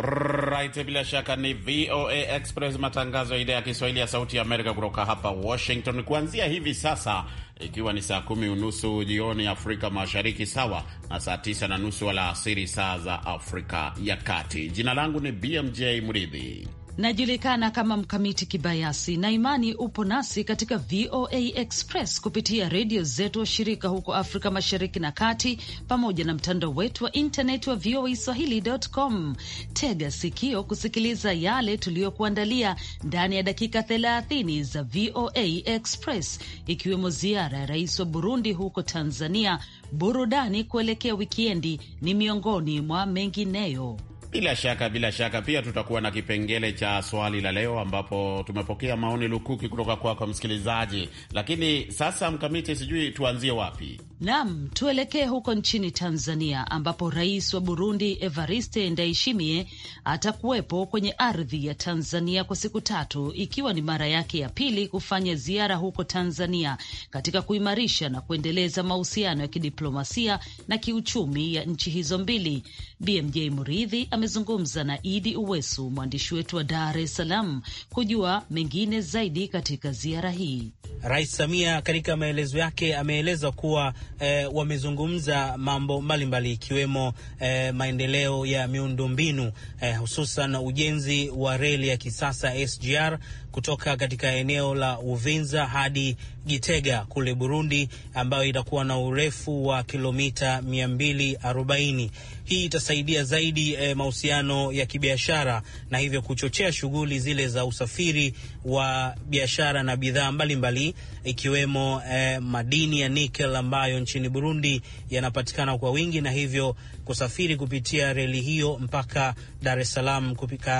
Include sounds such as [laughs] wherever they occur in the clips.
Right, bila shaka ni VOA Express, matangazo ya idhaa ya Kiswahili ya Sauti ya Amerika kutoka hapa Washington, kuanzia hivi sasa ikiwa ni saa kumi unusu jioni Afrika Mashariki, sawa na saa tisa na nusu alasiri saa za Afrika ya Kati. Jina langu ni BMJ Mridhi Najulikana kama Mkamiti Kibayasi na Imani. Upo nasi katika VOA Express kupitia redio zetu washirika huko Afrika Mashariki na Kati, pamoja na mtandao wetu wa intanet wa VOA Swahili.com. Tega sikio kusikiliza yale tuliyokuandalia ndani ya dakika 30 za VOA Express, ikiwemo ziara ya rais wa Burundi huko Tanzania, burudani kuelekea wikendi, ni miongoni mwa mengineyo. Bila shaka, bila shaka, pia tutakuwa na kipengele cha swali la leo, ambapo tumepokea maoni lukuki kutoka kwako kwa msikilizaji. Lakini sasa, Mkamiti, sijui tuanzie wapi? Nam, tuelekee huko nchini Tanzania ambapo rais wa Burundi Evariste Ndayishimiye atakuwepo kwenye ardhi ya Tanzania kwa siku tatu, ikiwa ni mara yake ya pili kufanya ziara huko Tanzania katika kuimarisha na kuendeleza mahusiano ya kidiplomasia na kiuchumi ya nchi hizo mbili. BMJ Muridhi amezungumza na Idi Uwesu, mwandishi wetu wa Dar es Salaam, kujua mengine zaidi katika ziara hii. Rais Samia katika maelezo yake ameeleza kuwa eh, wamezungumza mambo mbalimbali ikiwemo eh, maendeleo ya miundombinu eh, hususan ujenzi wa reli ya kisasa SGR kutoka katika eneo la Uvinza hadi Gitega kule Burundi, ambayo itakuwa na urefu wa kilomita 240. Hii itasaidia zaidi e, mahusiano ya kibiashara na hivyo kuchochea shughuli zile za usafiri wa biashara na bidhaa mbalimbali ikiwemo e, madini ya nikel ambayo nchini Burundi yanapatikana kwa wingi na hivyo kusafiri kupitia reli hiyo mpaka Dar es Salaam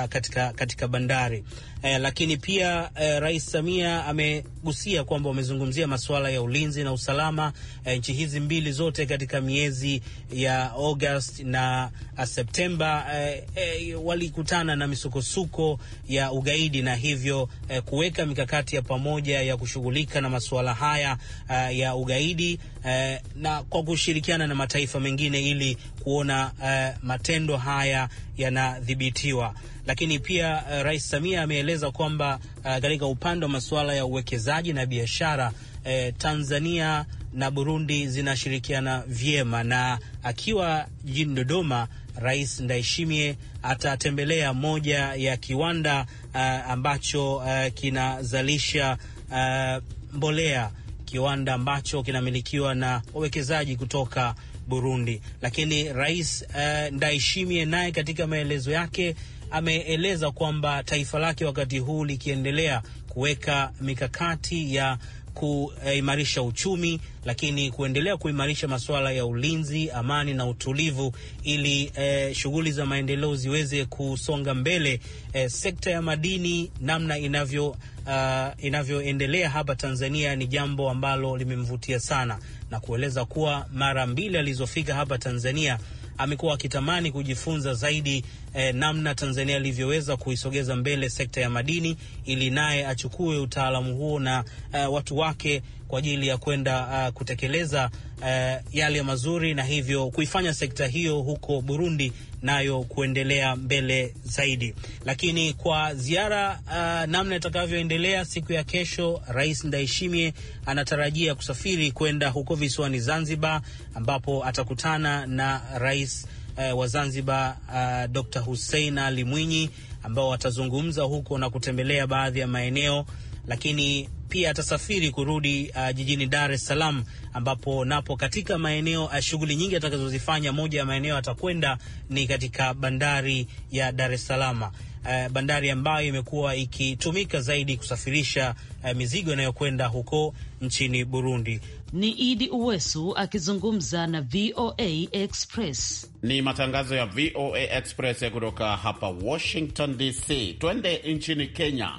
katika, katika bandari eh, lakini pia eh, Rais Samia amegusia kwamba wamezungumzia masuala ya ulinzi na usalama eh, nchi hizi mbili zote katika miezi ya August na Septemba eh, eh, walikutana na misukosuko ya ugaidi na hivyo eh, kuweka mikakati ya pamoja ya kushughulika na masuala haya eh, ya ugaidi eh, na kwa kushirikiana na mataifa mengine ili kuona eh, matendo haya yanadhibitiwa. Lakini pia uh, Rais Samia ameeleza kwamba eh, katika uh, upande wa masuala ya uwekezaji na biashara eh, Tanzania na Burundi zinashirikiana vyema, na akiwa jijini Dodoma, Rais Ndayishimiye atatembelea moja ya kiwanda uh, ambacho uh, kinazalisha uh, mbolea, kiwanda ambacho kinamilikiwa na wawekezaji kutoka Burundi. Lakini Rais uh, Ndayishimiye naye katika maelezo yake ameeleza kwamba taifa lake wakati huu likiendelea kuweka mikakati ya kuimarisha uchumi lakini kuendelea kuimarisha masuala ya ulinzi, amani na utulivu ili eh, shughuli za maendeleo ziweze kusonga mbele. Eh, sekta ya madini namna inavyo uh, inavyoendelea hapa Tanzania ni jambo ambalo limemvutia sana na kueleza kuwa mara mbili alizofika hapa Tanzania amekuwa akitamani kujifunza zaidi eh, namna Tanzania ilivyoweza kuisogeza mbele sekta ya madini ili naye achukue utaalamu huo na eh, watu wake kwa ajili ya kwenda uh, kutekeleza uh, yale mazuri na hivyo kuifanya sekta hiyo huko Burundi nayo kuendelea mbele zaidi. Lakini kwa ziara uh, namna itakavyoendelea, siku ya kesho, Rais Ndayishimiye anatarajia kusafiri kwenda huko visiwani Zanzibar, ambapo atakutana na Rais eh, wa Zanzibar uh, eh, Dr. Hussein Ali Mwinyi ambao watazungumza huko na kutembelea baadhi ya maeneo, lakini pia atasafiri kurudi uh, jijini Dar es Salaam ambapo napo katika maeneo uh, shughuli nyingi atakazozifanya, moja ya maeneo atakwenda ni katika bandari ya Dar es Salaam eh, bandari ambayo imekuwa ikitumika zaidi kusafirisha eh, mizigo inayokwenda huko nchini Burundi. Ni Idi Uwesu akizungumza na VOA Express. Ni matangazo ya VOA Express kutoka hapa Washington DC. Twende nchini Kenya.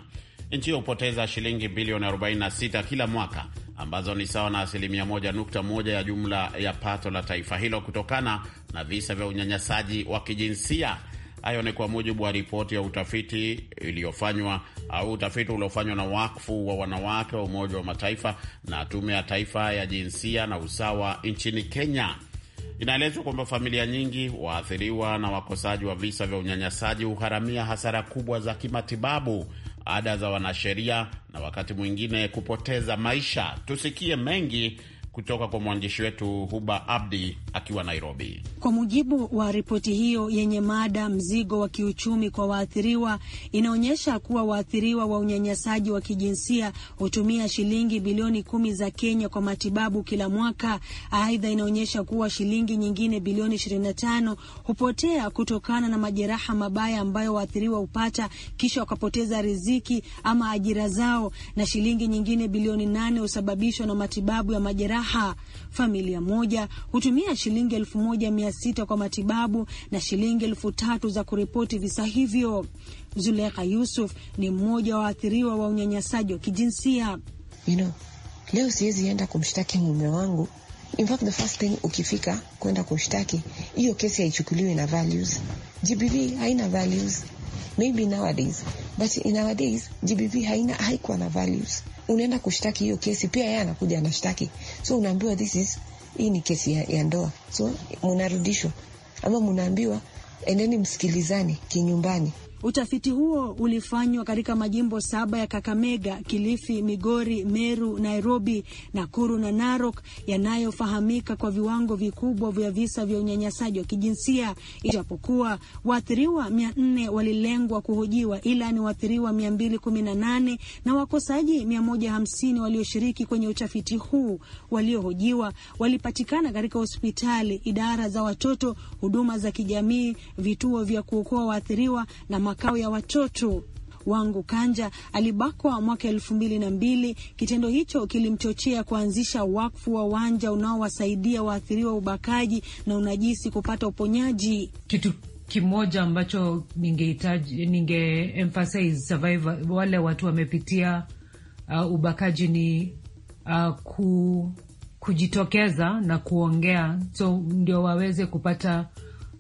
Nchi hiyo hupoteza shilingi bilioni 46 kila mwaka ambazo ni sawa na asilimia moja nukta moja ya jumla ya pato la taifa hilo kutokana na visa vya unyanyasaji wa kijinsia Hayo ni kwa mujibu wa ripoti ya utafiti iliyofanywa au utafiti uliofanywa na wakfu wa wanawake wa Umoja wa Mataifa na Tume ya Taifa ya Jinsia na Usawa nchini Kenya. Inaelezwa kwamba familia nyingi waathiriwa na wakosaji wa visa vya unyanyasaji huharamia hasara kubwa za kimatibabu, ada za wanasheria na wakati mwingine kupoteza maisha. Tusikie mengi kutoka kwa mwandishi wetu Huba Abdi akiwa Nairobi. Kwa mujibu wa ripoti hiyo yenye mada mzigo wa kiuchumi kwa waathiriwa, inaonyesha kuwa waathiriwa wa unyanyasaji wa kijinsia hutumia shilingi bilioni kumi za Kenya kwa matibabu kila mwaka. Aidha, inaonyesha kuwa shilingi nyingine bilioni 25 hupotea kutokana na majeraha mabaya ambayo waathiriwa hupata kisha wakapoteza riziki ama ajira zao, na shilingi nyingine bilioni nane husababishwa na matibabu ya majeraha majeraha. Familia moja hutumia shilingi elfu moja mia sita kwa matibabu na shilingi elfu tatu za kuripoti visa hivyo. Zulekha Yusuf ni mmoja wa waathiriwa wa unyanyasaji wa kijinsia. You know, leo siwezi enda kumshtaki mume wangu. In fact, the first thing ukifika kwenda kumshtaki, hiyo kesi haichukuliwi na values. GBV haina values maybe nowadays, but in our days GBV haina haikuwa na values unaenda kushtaki hiyo kesi, pia yeye anakuja anashtaki, so unaambiwa this is hii ni kesi ya, ya ndoa, so munarudishwa ama mnaambiwa endeni msikilizani kinyumbani. Utafiti huo ulifanywa katika majimbo saba ya Kakamega, Kilifi, Migori, Meru, Nairobi, Nakuru na Narok yanayofahamika kwa viwango vikubwa vya visa vya unyanyasaji wa kijinsia, ijapokuwa waathiriwa mia nne walilengwa kuhojiwa, ila ni waathiriwa mia mbili kumi na nane na wakosaji mia moja hamsini walioshiriki kwenye utafiti huu. Waliohojiwa walipatikana katika hospitali, idara za watoto, huduma za kijamii, vituo vya kuokoa waathiriwa na makao ya watoto. Wangu Kanja alibakwa mwaka elfu mbili na mbili. Kitendo hicho kilimchochea kuanzisha wakfu wa uwanja unaowasaidia waathiriwa ubakaji na unajisi kupata uponyaji. Kitu kimoja ambacho ningehitaji ninge emphasize survivor, wale watu wamepitia uh, ubakaji ni uh, ku, kujitokeza na kuongea so ndio waweze kupata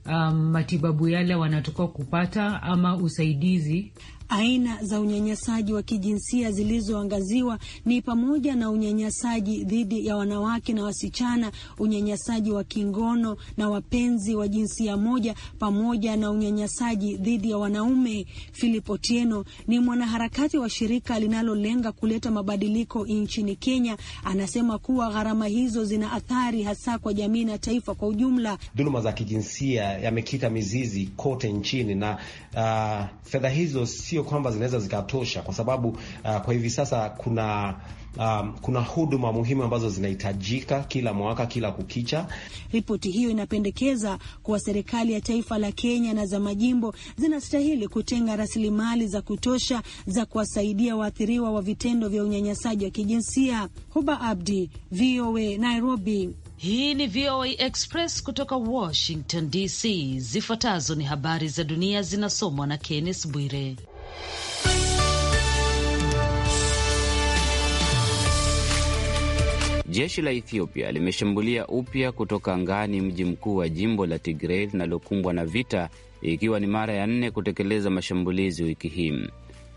um, matibabu yale wanatoka kupata ama usaidizi Aina za unyanyasaji wa kijinsia zilizoangaziwa ni pamoja na unyanyasaji dhidi ya wanawake na wasichana, unyanyasaji wa kingono na wapenzi wa jinsia moja, pamoja na unyanyasaji dhidi ya wanaume. Philip Otieno ni mwanaharakati wa shirika linalolenga kuleta mabadiliko nchini Kenya. Anasema kuwa gharama hizo zina athari hasa kwa jamii na taifa kwa ujumla. Dhuluma za kijinsia yamekita mizizi kote nchini na uh, fedha hizo sio sio kwamba zinaweza zikatosha, kwa sababu uh, kwa hivi sasa kuna um, kuna huduma muhimu ambazo zinahitajika kila mwaka, kila kukicha. Ripoti hiyo inapendekeza kuwa serikali ya taifa la Kenya na za majimbo zinastahili kutenga rasilimali za kutosha za kuwasaidia waathiriwa wa vitendo vya unyanyasaji wa kijinsia. Huba Abdi, VOA Nairobi. Hii ni VOA Express kutoka Washington DC. Zifuatazo ni habari za dunia zinasomwa na Kenneth Bwire. Jeshi la Ethiopia limeshambulia upya kutoka angani mji mkuu wa jimbo la Tigrei linalokumbwa na vita, ikiwa ni mara ya nne kutekeleza mashambulizi wiki hii.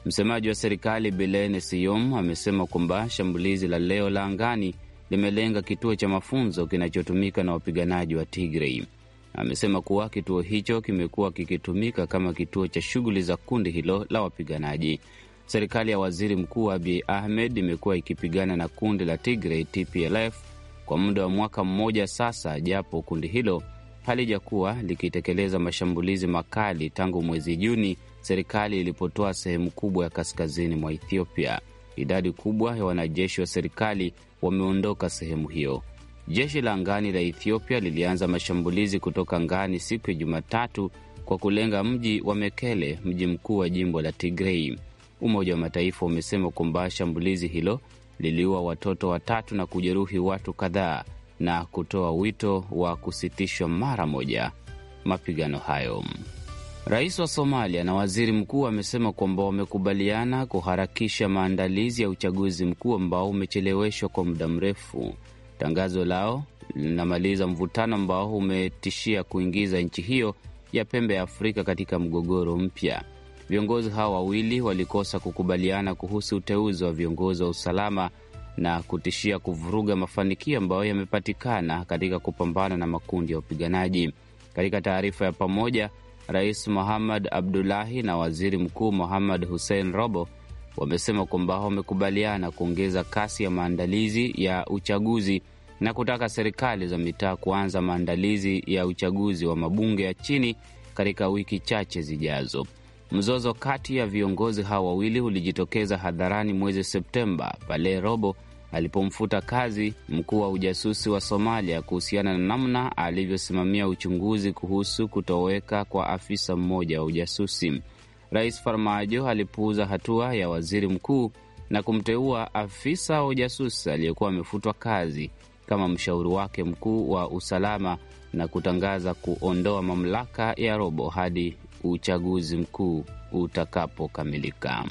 Msemaji wa serikali Bilene Siyom amesema kwamba shambulizi la leo la angani limelenga kituo cha mafunzo kinachotumika na wapiganaji wa Tigrei amesema kuwa kituo hicho kimekuwa kikitumika kama kituo cha shughuli za kundi hilo la wapiganaji. Serikali ya waziri mkuu Abiy Ahmed imekuwa ikipigana na kundi la Tigray TPLF kwa muda wa mwaka mmoja sasa, japo kundi hilo halijakuwa likitekeleza mashambulizi makali tangu mwezi Juni serikali ilipotoa sehemu kubwa ya kaskazini mwa Ethiopia. Idadi kubwa ya wanajeshi wa serikali wameondoka sehemu hiyo. Jeshi la angani la Ethiopia lilianza mashambulizi kutoka angani siku ya Jumatatu kwa kulenga mji wa Mekele, mji mkuu wa jimbo la Tigrei. Umoja wa Mataifa umesema kwamba shambulizi hilo liliua watoto watatu na kujeruhi watu kadhaa na kutoa wito wa kusitishwa mara moja mapigano hayo. Rais wa Somalia na waziri mkuu wamesema kwamba wamekubaliana kuharakisha maandalizi ya uchaguzi mkuu ambao umecheleweshwa kwa muda mrefu. Tangazo lao linamaliza mvutano ambao umetishia kuingiza nchi hiyo ya pembe ya Afrika katika mgogoro mpya. Viongozi hao wawili walikosa kukubaliana kuhusu uteuzi wa viongozi wa usalama na kutishia kuvuruga mafanikio ambayo yamepatikana katika kupambana na makundi ya upiganaji Katika taarifa ya pamoja, Rais muhamad Abdullahi na Waziri Mkuu muhamad Hussein Robo wamesema kwamba wamekubaliana kuongeza kasi ya maandalizi ya uchaguzi na kutaka serikali za mitaa kuanza maandalizi ya uchaguzi wa mabunge ya chini katika wiki chache zijazo. Mzozo kati ya viongozi hawa wawili ulijitokeza hadharani mwezi Septemba pale Robo alipomfuta kazi mkuu wa ujasusi wa Somalia kuhusiana na namna alivyosimamia uchunguzi kuhusu kutoweka kwa afisa mmoja wa ujasusi. Rais Farmajo alipuuza hatua ya waziri mkuu na kumteua afisa wa ujasusi aliyekuwa amefutwa kazi kama mshauri wake mkuu wa usalama na kutangaza kuondoa mamlaka ya robo hadi uchaguzi mkuu utakapokamilika.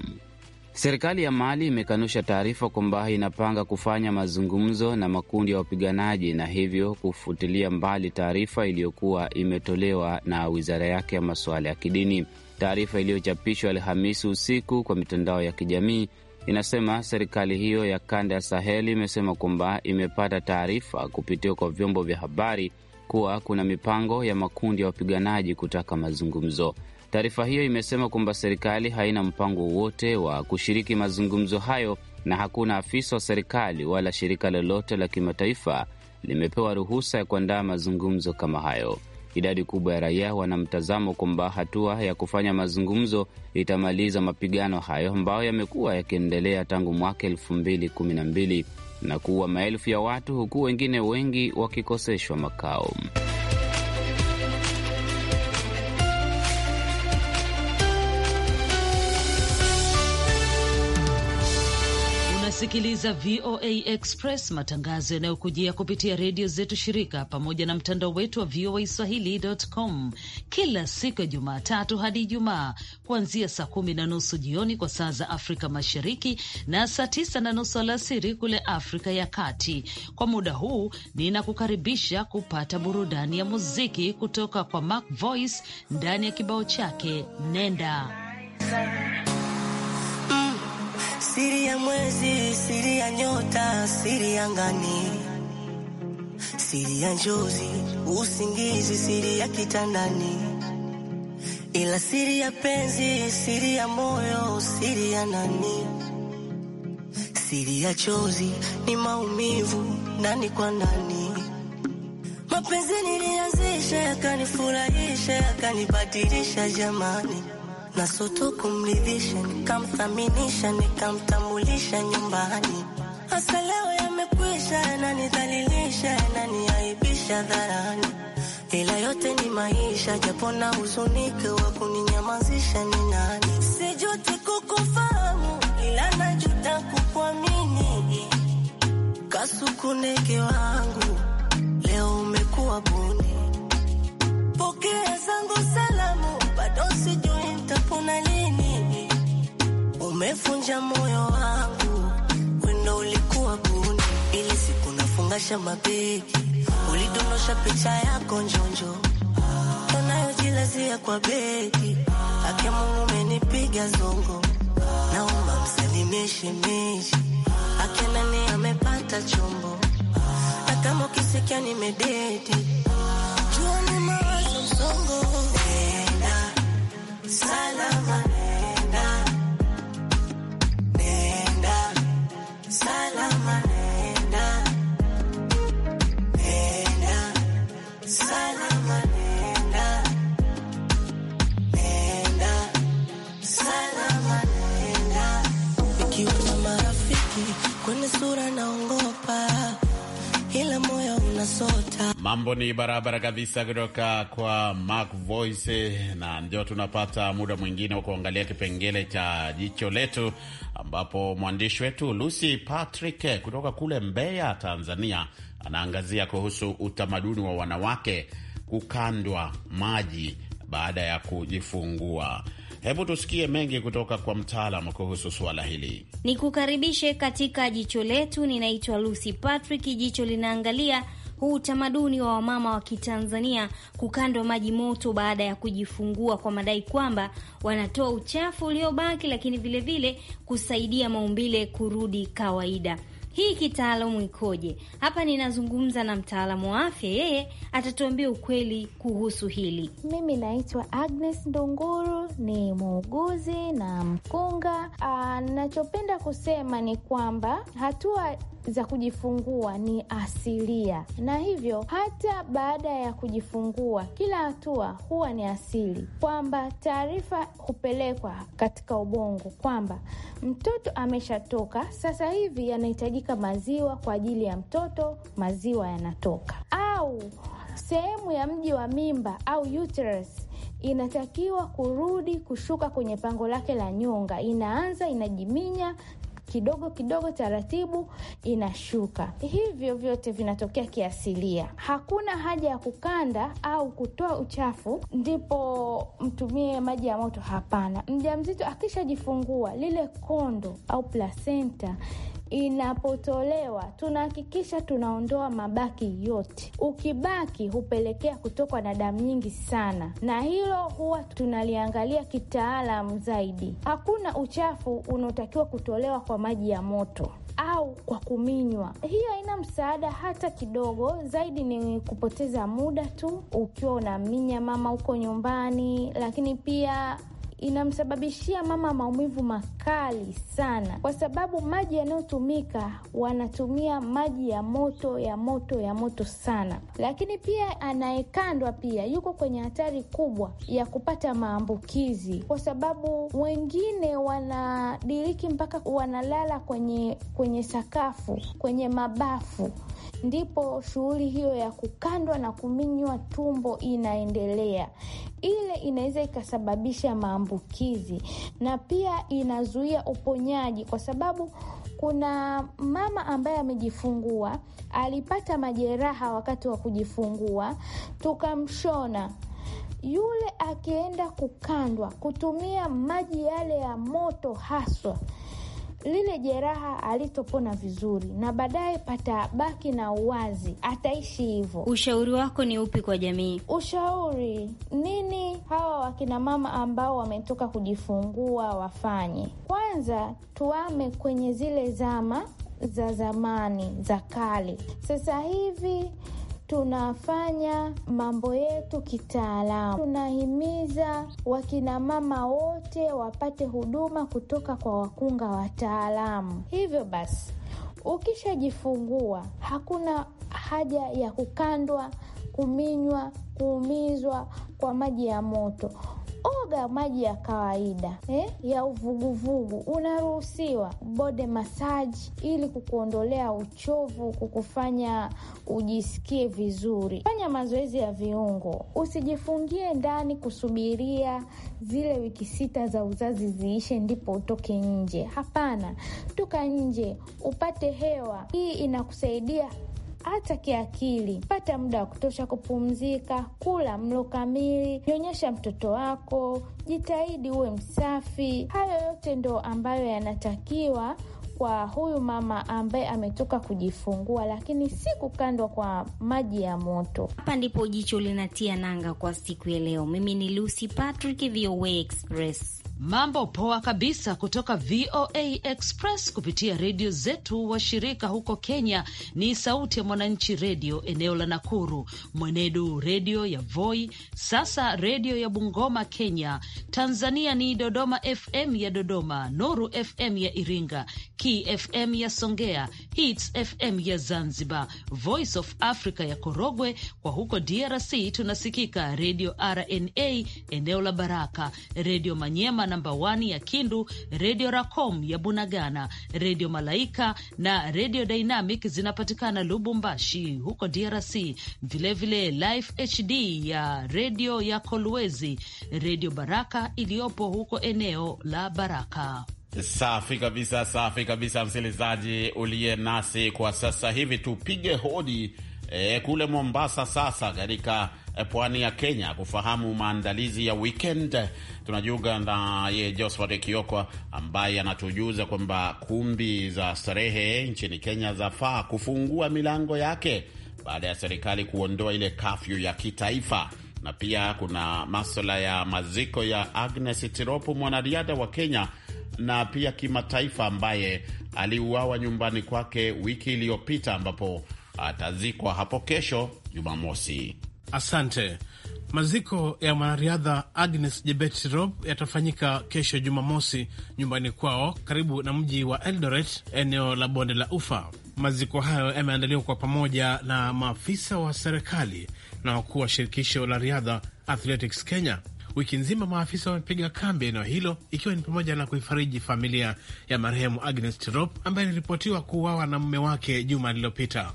Serikali ya Mali imekanusha taarifa kwamba inapanga kufanya mazungumzo na makundi ya wapiganaji na hivyo kufutilia mbali taarifa iliyokuwa imetolewa na wizara yake ya masuala ya kidini. Taarifa iliyochapishwa Alhamisi usiku kwa mitandao ya kijamii inasema serikali hiyo ya kanda ya Saheli imesema kwamba imepata taarifa kupitia kwa vyombo vya habari kuwa kuna mipango ya makundi ya wapiganaji kutaka mazungumzo. Taarifa hiyo imesema kwamba serikali haina mpango wowote wa kushiriki mazungumzo hayo na hakuna afisa wa serikali wala shirika lolote la kimataifa limepewa ruhusa ya kuandaa mazungumzo kama hayo. Idadi kubwa ya raia wana mtazamo kwamba hatua ya kufanya mazungumzo itamaliza mapigano hayo ambayo yamekuwa yakiendelea tangu mwaka elfu mbili kumi na mbili na kuua maelfu ya watu huku wengine wengi wakikoseshwa makao. Unasikiliza VOA Express, matangazo yanayokujia kupitia redio zetu shirika pamoja na mtandao wetu wa VOA Swahili.com kila siku ya Jumatatu hadi Ijumaa kuanzia saa kumi na nusu jioni kwa saa za Afrika Mashariki na saa tisa na nusu alasiri kule Afrika ya Kati. Kwa muda huu ninakukaribisha kupata burudani ya muziki kutoka kwa Mac Voice ndani ya kibao chake Nenda siri ya mwezi, siri ya nyota, siri ya ngani, siri ya njozi, usingizi, siri ya kitandani, ila siri ya penzi, siri ya moyo, siri ya nani, siri ya chozi ni maumivu, nani kwa nani. Mapenzi nilianzisha, yakanifurahisha, yakanibadilisha, jamani Nasoto kumridhisha, nikamthaminisha, nikamtambulisha nyumbani. Hasa leo yamekwisha, yananidhalilisha, yananiaibisha dharani, ila yote ni maisha, japo na huzunike, wa kuninyamazisha ni nani? Sijuti kukufahamu, ila najuta kukuamini. Kasukuneke wangu leo umekuwa buni, pokea zangu salamu, bado sijui kuna lini? Umefunja moyo wangu, wendo ulikuwa buni, ili siku nafungasha mabegi, ulidondosha picha yako njonjo tunayojilazia kwa beki ake Mungu umenipiga zongo, naomba msalimie shemeji, ake nani amepata chombo, na kama ukisikia nimedeti, jua ni mawazo msongo hey salama, nenda nenda salama. mambo ni barabara kabisa kutoka kwa Mac Voice, na ndio tunapata muda mwingine wa kuangalia kipengele cha jicho letu, ambapo mwandishi wetu Lucy Patrick kutoka kule Mbeya, Tanzania, anaangazia kuhusu utamaduni wa wanawake kukandwa maji baada ya kujifungua. Hebu tusikie mengi kutoka kwa mtaalamu kuhusu suala hili. Nikukaribishe katika jicho letu. Ninaitwa Lucy Patrick. Jicho linaangalia huu utamaduni wa wamama wa Kitanzania kukandwa maji moto baada ya kujifungua kwa madai kwamba wanatoa uchafu uliobaki, lakini vilevile vile kusaidia maumbile kurudi kawaida. Hii kitaalamu ikoje? Hapa ninazungumza na mtaalamu wa afya, yeye atatuambia ukweli kuhusu hili. Mimi naitwa Agnes ndunguru ni muuguzi na mkunga. Ah, Nachopenda kusema ni kwamba hatua za kujifungua ni asilia, na hivyo hata baada ya kujifungua kila hatua huwa ni asili, kwamba taarifa hupelekwa katika ubongo kwamba mtoto ameshatoka, sasa hivi yanahitajika maziwa kwa ajili ya mtoto, maziwa yanatoka, au sehemu ya mji wa mimba au uterus inatakiwa kurudi kushuka kwenye pango lake la nyonga, inaanza inajiminya kidogo kidogo, taratibu inashuka. Hivyo vyote vinatokea kiasilia. Hakuna haja ya kukanda au kutoa uchafu ndipo mtumie maji ya moto, hapana. Mjamzito akishajifungua lile kondo au plasenta inapotolewa tunahakikisha tunaondoa mabaki yote. Ukibaki hupelekea kutokwa na damu nyingi sana, na hilo huwa tunaliangalia kitaalamu zaidi. Hakuna uchafu unaotakiwa kutolewa kwa maji ya moto au kwa kuminywa. Hiyo haina msaada hata kidogo, zaidi ni kupoteza muda tu ukiwa unaminya mama huko nyumbani. Lakini pia inamsababishia mama maumivu makali sana, kwa sababu maji yanayotumika wanatumia maji ya moto ya moto ya moto sana. Lakini pia anayekandwa pia yuko kwenye hatari kubwa ya kupata maambukizi, kwa sababu wengine wanadiriki mpaka wanalala kwenye kwenye sakafu, kwenye mabafu ndipo shughuli hiyo ya kukandwa na kuminywa tumbo inaendelea. Ile inaweza ikasababisha maambukizi na pia inazuia uponyaji, kwa sababu kuna mama ambaye amejifungua alipata majeraha wakati wa kujifungua, tukamshona yule akienda kukandwa kutumia maji yale ya moto haswa lile jeraha alitopona vizuri, na baadaye patabaki na uwazi, ataishi hivyo. Ushauri wako ni upi kwa jamii? Ushauri nini hawa wakinamama ambao wametoka kujifungua wafanye? Kwanza tuame kwenye zile zama za zamani za kale, sasa hivi tunafanya mambo yetu kitaalamu. Tunahimiza wakinamama wote wapate huduma kutoka kwa wakunga wataalamu. Hivyo basi, ukishajifungua hakuna haja ya kukandwa, kuminywa, kuumizwa kwa maji ya moto oga maji ya kawaida eh, ya uvuguvugu. Unaruhusiwa bode masaji ili kukuondolea uchovu, kukufanya ujisikie vizuri. Fanya mazoezi ya viungo, usijifungie ndani kusubiria zile wiki sita za uzazi ziishe ndipo utoke nje. Hapana, toka nje upate hewa. Hii inakusaidia hata kiakili. Pata muda wa kutosha kupumzika, kula mlo kamili, nyonyesha mtoto wako, jitahidi uwe msafi. Hayo yote ndo ambayo yanatakiwa kwa huyu mama ambaye ametoka kujifungua, lakini si kukandwa kwa maji ya moto. Hapa ndipo jicho linatia nanga kwa siku ya leo. Mimi ni Lucy Patrick, VOA Express. Mambo poa kabisa kutoka VOA Express kupitia redio zetu washirika huko Kenya ni Sauti ya Mwananchi redio eneo la Nakuru, Mwenedu redio ya Voi, Sasa redio ya Bungoma Kenya. Tanzania ni Dodoma FM ya Dodoma, Nuru FM ya Iringa, KFM ya Songea, Hits FM ya Zanzibar, Voice of Africa ya Korogwe. Kwa huko DRC tunasikika redio RNA eneo la Baraka, redio Manyema Bungoma namba 1 ya Kindu, Redio Racom ya Bunagana, Redio Malaika na Redio Dynamic zinapatikana Lubumbashi huko DRC, vilevile Life HD ya redio ya Kolwezi, Redio Baraka iliyopo huko eneo la Baraka. Safi kabisa, safi kabisa. Msikilizaji uliye nasi kwa sasa hivi, tupige hodi e, kule Mombasa sasa katika E, pwani ya Kenya kufahamu maandalizi ya weekend. Tunajiunga naye Josphat Kioko ambaye anatujuza kwamba kumbi za starehe nchini Kenya zafaa kufungua milango yake baada ya serikali kuondoa ile kafyu ya kitaifa na pia kuna maswala ya maziko ya Agnes Tirop, mwanariadha wa Kenya na pia kimataifa, ambaye aliuawa nyumbani kwake wiki iliyopita, ambapo atazikwa hapo kesho Jumamosi. Asante. Maziko ya mwanariadha Agnes Jebet yatafanyika kesho Jumamosi nyumbani kwao karibu na mji wa Eldoret, eneo la bonde la Ufa. Maziko hayo yameandaliwa kwa pamoja na maafisa wa serikali na wakuu wa shirikisho la riadha Athletics Kenya. Wiki nzima maafisa wamepiga kambi eneo hilo, ikiwa ni pamoja na kuifariji familia ya marehemu Agnes Tirop ambaye iliripotiwa kuuawa na mume wake juma lililopita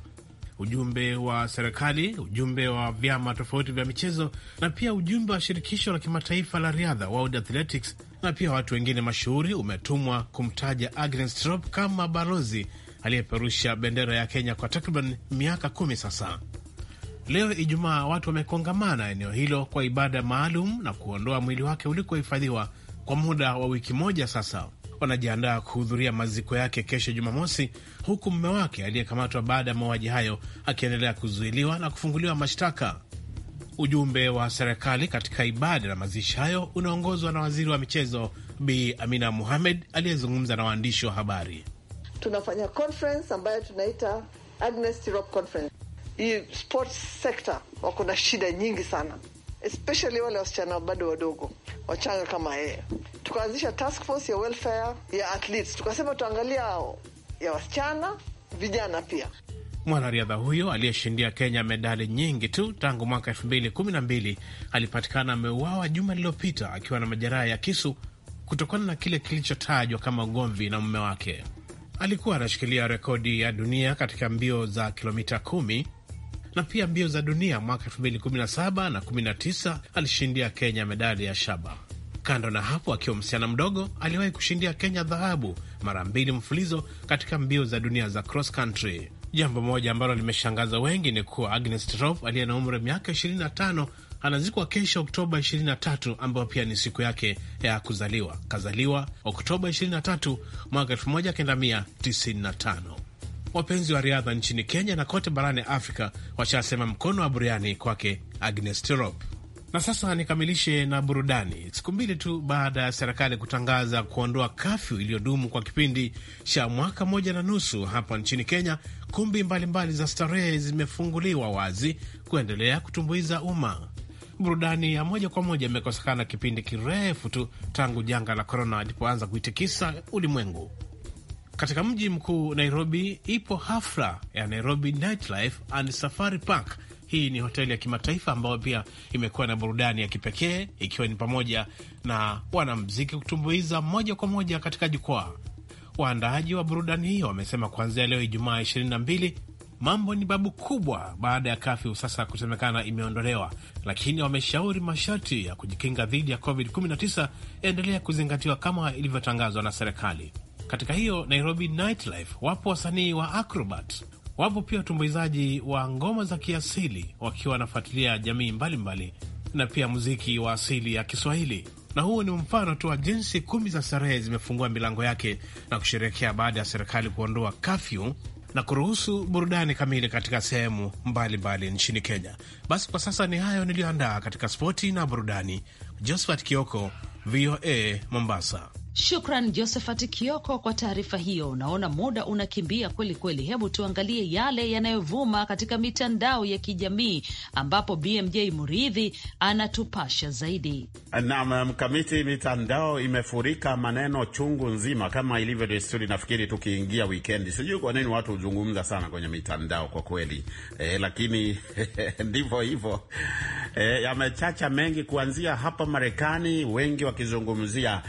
ujumbe wa serikali, ujumbe wa vyama tofauti vya michezo na pia ujumbe wa shirikisho la kimataifa la riadha World Athletics na pia watu wengine mashuhuri umetumwa kumtaja Agnes Tirop kama balozi aliyeperusha bendera ya Kenya kwa takriban miaka kumi sasa. Leo Ijumaa, watu wamekongamana eneo hilo kwa ibada maalum na kuondoa mwili wake ulikohifadhiwa kwa muda wa wiki moja sasa wanajiandaa kuhudhuria maziko yake kesho Jumamosi, huku mume wake aliyekamatwa baada ya mauaji hayo akiendelea kuzuiliwa na kufunguliwa mashtaka. Ujumbe wa serikali katika ibada na mazishi hayo unaongozwa na waziri wa michezo Bi Amina muhamed aliyezungumza na waandishi wa habari. Tunafanya conference ambayo tunaita Agnes Tirop Conference. Hii sports sector wako na shida nyingi sana especially wale wasichana bado wadogo wachanga kama yeye. Tukaanzisha task force ya welfare ya athletes, tukasema tuangalia ao ya wasichana vijana pia. Mwanariadha huyo aliyeshindia Kenya medali nyingi tu tangu mwaka elfu mbili kumi na mbili alipatikana ameuawa juma lililopita akiwa na majeraha ya kisu kutokana na kile kilichotajwa kama ugomvi na mume wake. Alikuwa anashikilia rekodi ya dunia katika mbio za kilomita kumi na pia mbio za dunia mwaka 2017 na 19 alishindia Kenya medali ya shaba. Kando na hapo, akiwa msichana mdogo aliwahi kushindia Kenya dhahabu mara mbili mfulizo katika mbio za dunia za cross country. Jambo moja ambalo limeshangaza wengi ni kuwa Agnes Tirop aliye na umri wa miaka 25 anazikwa kesho Oktoba 23, ambayo pia ni siku yake ya kuzaliwa. Kazaliwa Oktoba 23 mwaka 1995 wapenzi wa riadha nchini Kenya na kote barani Afrika washasema mkono wa buriani kwake Agnes Tirop. Na sasa nikamilishe na burudani. Siku mbili tu baada ya serikali kutangaza kuondoa kafyu iliyodumu kwa kipindi cha mwaka moja na nusu hapa nchini Kenya, kumbi mbalimbali mbali za starehe zimefunguliwa wazi kuendelea kutumbuiza umma. Burudani ya moja kwa moja imekosekana kipindi kirefu tu tangu janga la korona alipoanza kuitikisa ulimwengu. Katika mji mkuu Nairobi ipo hafla ya Nairobi Nightlife and Safari Park. Hii ni hoteli ya kimataifa ambayo pia imekuwa na burudani ya kipekee ikiwa ni pamoja na wanamziki kutumbuiza moja kwa moja katika jukwaa. Waandaaji wa burudani hiyo wamesema kuanzia leo Ijumaa 22 mambo ni babu kubwa baada ya kafyu sasa kusemekana imeondolewa, lakini wameshauri masharti ya kujikinga dhidi ya COVID-19 yaendelea kuzingatiwa kama ilivyotangazwa na serikali. Katika hiyo Nairobi nightlife, wapo wasanii wa acrobat, wapo pia watumbuizaji wa ngoma za kiasili wakiwa wanafuatilia jamii mbalimbali mbali, na pia muziki wa asili ya Kiswahili na huo ni mfano tu wa jinsi kumi za starehe zimefungua milango yake na kusherekea baada ya serikali kuondoa kafyu na kuruhusu burudani kamili katika sehemu mbalimbali nchini Kenya. Basi kwa sasa ni hayo niliyoandaa katika spoti na burudani. Josephat Kioko, VOA Mombasa. Shukran Josephat Kioko kwa taarifa hiyo. Unaona muda unakimbia kweli kweli, hebu tuangalie yale yanayovuma katika mitandao ya kijamii ambapo BMJ Muridhi anatupasha zaidi. Naam, mkamiti, mitandao imefurika maneno chungu nzima kama ilivyo desturi. Nafikiri tukiingia wikendi, sijui kwa nini watu huzungumza sana kwenye mitandao kwa kweli e, lakini [laughs] ndivyo hivyo e, yamechacha mengi kuanzia hapa Marekani, wengi wakizungumzia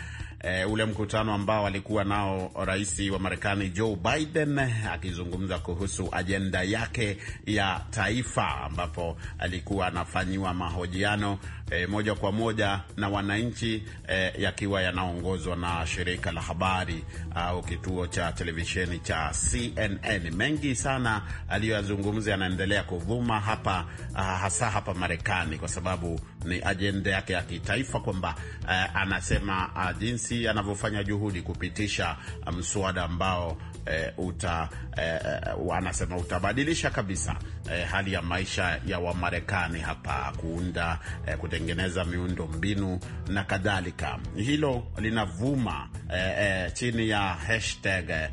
e, ule mkutano ambao alikuwa nao rais wa Marekani Joe Biden akizungumza kuhusu ajenda yake ya taifa, ambapo alikuwa anafanyiwa mahojiano e, moja kwa moja na wananchi e, yakiwa yanaongozwa na shirika la habari au kituo cha televisheni cha CNN. Mengi sana aliyoyazungumza yanaendelea kuvuma hapa ah, hasa hapa Marekani kwa sababu ni ajenda yake ya kitaifa kwamba e, anasema a, ah, jinsi jinsi anavyofanya juhudi kupitisha um, mswada ambao e, uta e, wanasema utabadilisha kabisa e, hali ya maisha ya Wamarekani hapa, kuunda e, kutengeneza miundo mbinu na kadhalika. Hilo linavuma e, e, chini ya hashtag e,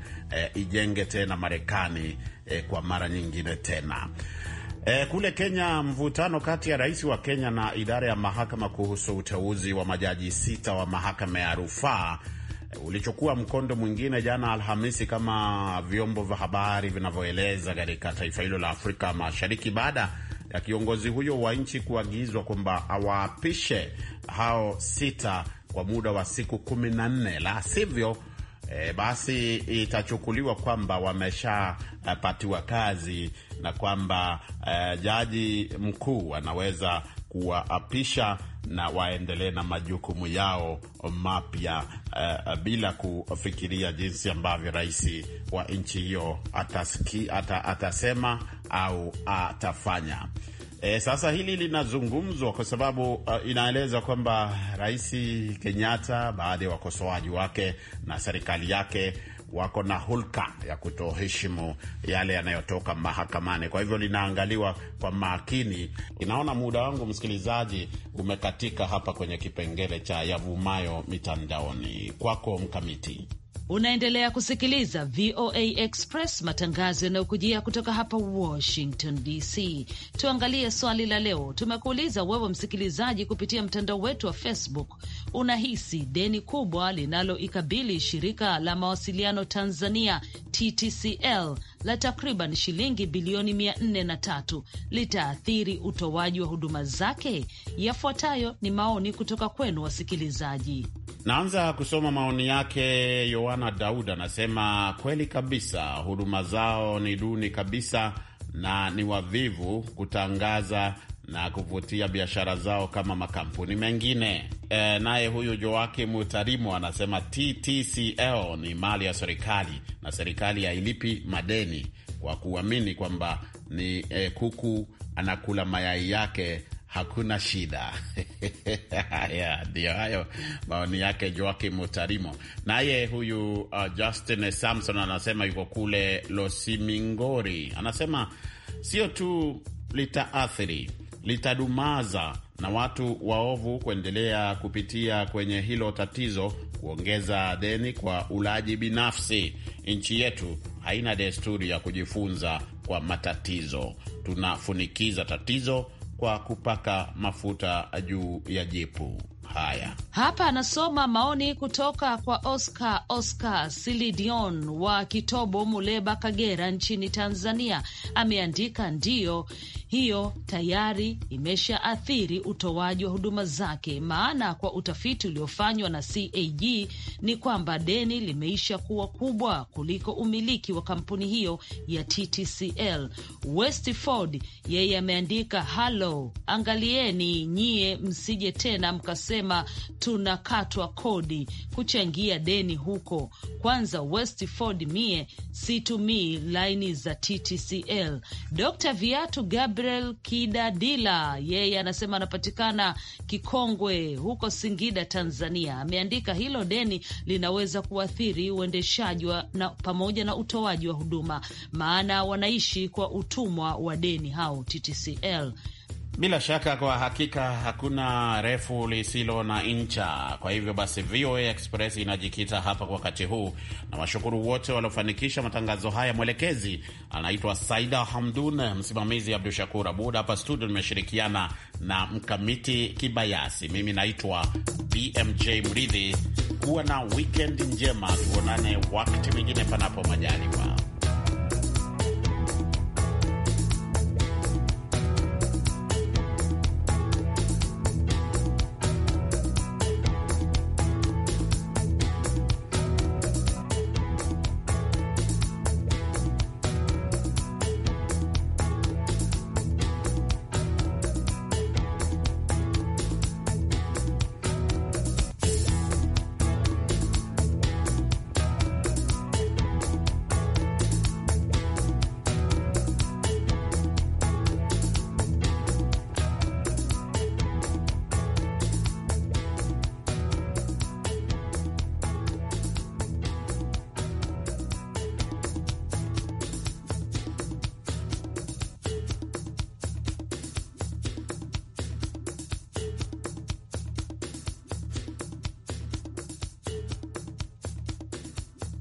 ijenge tena Marekani e, kwa mara nyingine tena. E, kule Kenya mvutano kati ya rais wa Kenya na idara ya mahakama kuhusu uteuzi wa majaji sita wa mahakama ya rufaa eh, ulichukua mkondo mwingine jana Alhamisi, kama vyombo vya habari vinavyoeleza katika taifa hilo la Afrika Mashariki, baada ya kiongozi huyo wa nchi kuagizwa kwamba awaapishe hao sita kwa muda wa siku kumi na nne, la sivyo e, basi itachukuliwa kwamba wameshapatiwa kazi na kwamba e, jaji mkuu anaweza kuwaapisha na waendelee na majukumu yao mapya uh, bila kufikiria jinsi ambavyo rais wa nchi hiyo atasema au atafanya. E, sasa hili linazungumzwa kwa sababu uh, inaeleza kwamba Rais Kenyatta, baadhi ya wakosoaji wake na serikali yake wako na hulka ya kutoheshimu yale yanayotoka mahakamani. Kwa hivyo linaangaliwa kwa makini. Inaona muda wangu msikilizaji umekatika hapa kwenye kipengele cha yavumayo mitandaoni. Kwako Mkamiti. Unaendelea kusikiliza VOA Express, matangazo yanayokujia kutoka hapa Washington DC. Tuangalie swali la leo. Tumekuuliza wewe msikilizaji, kupitia mtandao wetu wa Facebook, unahisi deni kubwa linaloikabili shirika la mawasiliano Tanzania TTCL la takriban shilingi bilioni mia nne na tatu litaathiri utoaji wa huduma zake? Yafuatayo ni maoni kutoka kwenu wasikilizaji. Naanza kusoma maoni yake. Yohana Daud anasema kweli kabisa, huduma zao ni duni kabisa na ni wavivu kutangaza na kuvutia biashara zao kama makampuni mengine. E, naye huyu Joakim mutarimo anasema TTCL ni mali ya serikali na serikali hailipi madeni kwa kuamini kwamba ni e, kuku anakula mayai yake hakuna shida. [laughs] Haya ndio hayo maoni yake Joakim Utarimo. Naye huyu uh, Justin Samson anasema yuko kule Losimingori, anasema sio tu litaathiri, litadumaza na watu waovu kuendelea kupitia kwenye hilo tatizo, kuongeza deni kwa ulaji binafsi. Nchi yetu haina desturi ya kujifunza kwa matatizo, tunafunikiza tatizo kwa kupaka mafuta juu ya jipu. Haya, hapa anasoma maoni kutoka kwa Oscar Oscar Silidion wa Kitobo, Muleba, Kagera nchini Tanzania. Ameandika ndiyo, hiyo tayari imeshaathiri utoaji wa huduma zake, maana kwa utafiti uliofanywa na CAG ni kwamba deni limeisha kuwa kubwa kuliko umiliki wa kampuni hiyo ya TTCL. Westford yeye ameandika halo, angalieni nyie, msije tena mkasema tunakatwa kodi kuchangia deni huko. Kwanza Westford, mie situmii laini za TTCL. Dr. Viatu Gab Gabriel Kidadila, yeye anasema anapatikana Kikongwe huko Singida, Tanzania. Ameandika hilo deni linaweza kuathiri uendeshaji na pamoja na utoaji wa huduma, maana wanaishi kwa utumwa wa deni hao TTCL. Bila shaka, kwa hakika hakuna refu lisilo na ncha. Kwa hivyo basi, VOA Express inajikita hapa kwa wakati huu, na washukuru wote waliofanikisha matangazo haya. Mwelekezi anaitwa Saida Hamdun, msimamizi Abdu Shakur Abud. Hapa studio nimeshirikiana na Mkamiti Kibayasi. Mimi naitwa BMJ Mridhi. Kuwa na wikendi njema, tuonane wakati mwingine, panapo majaliwa.